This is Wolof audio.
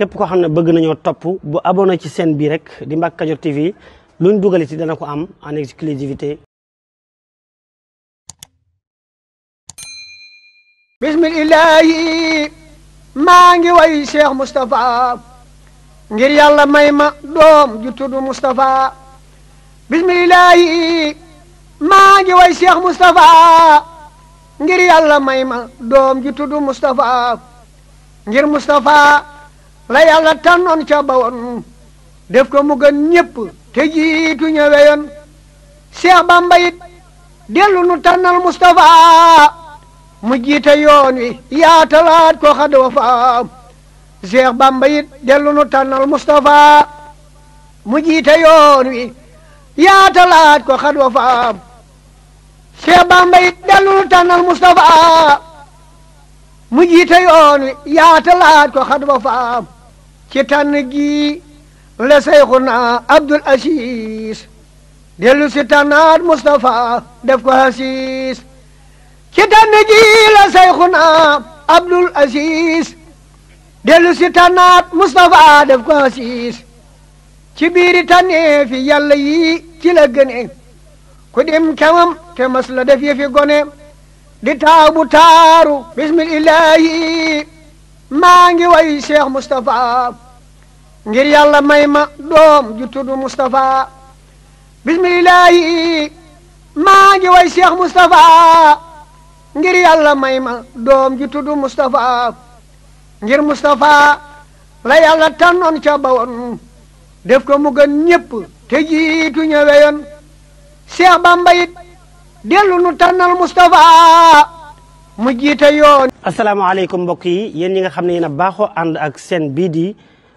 képp koo xam ne bëgg nañoo topp bu abonné ci chaîne bi rek di Mbacke Kadior TV luñ dugal ci dana ko am en exclusivité bismillahi maa ngi way Cheikh Moustapha ngir yàlla may ma doom ju tudd way Cheikh Moustapha ngir yàlla may ma doom ju tudd la yàlla tànnoon ca bawoon def ko mu gën ñépp te jiitu ñëwe yoon Seex Bamba it dellu nu tànnal Mustapha mu jiite yoon wi yaatalaat ko xad faam Seex Bamba it dellu nu tànnal Mustapha mu jiite yoon wi yaatalaat ko xad faam Seex Bamba it dellu nu tànnal Mustapha mu jiite yoon wi yaatalaat ko xad faam ci tànn gi la sayxuna abdul asiis dellu si tànnaat mustapha def ko asiis ci tànn gi la sayxuna abdul asiis dellu si tànnaat mustapha def ko asiis ci biiri tànnee fi yàlla yi ci la gëne ku dim kemam te mas def yi fi gone di taabu taaru bismillaahi maa ngi way Cheikh Moustapha ngir yàlla may ma doom ju tudd Moustapha bismillahi maa ngi way Cheikh Moustapha ngir yàlla may ma doom ju tudd Moustapha ngir Moustapha la yàlla tànnoon ca bawoon def ko mu ga ñépp te jiitu ñëwe yoon Cheikh Bamba it dellu nu tànnal Moustapha mu jiite yoon asalaamaaleykum mbokk yi yéen ñi nga xam ne yéen a baaxoo ànd ak seen bii di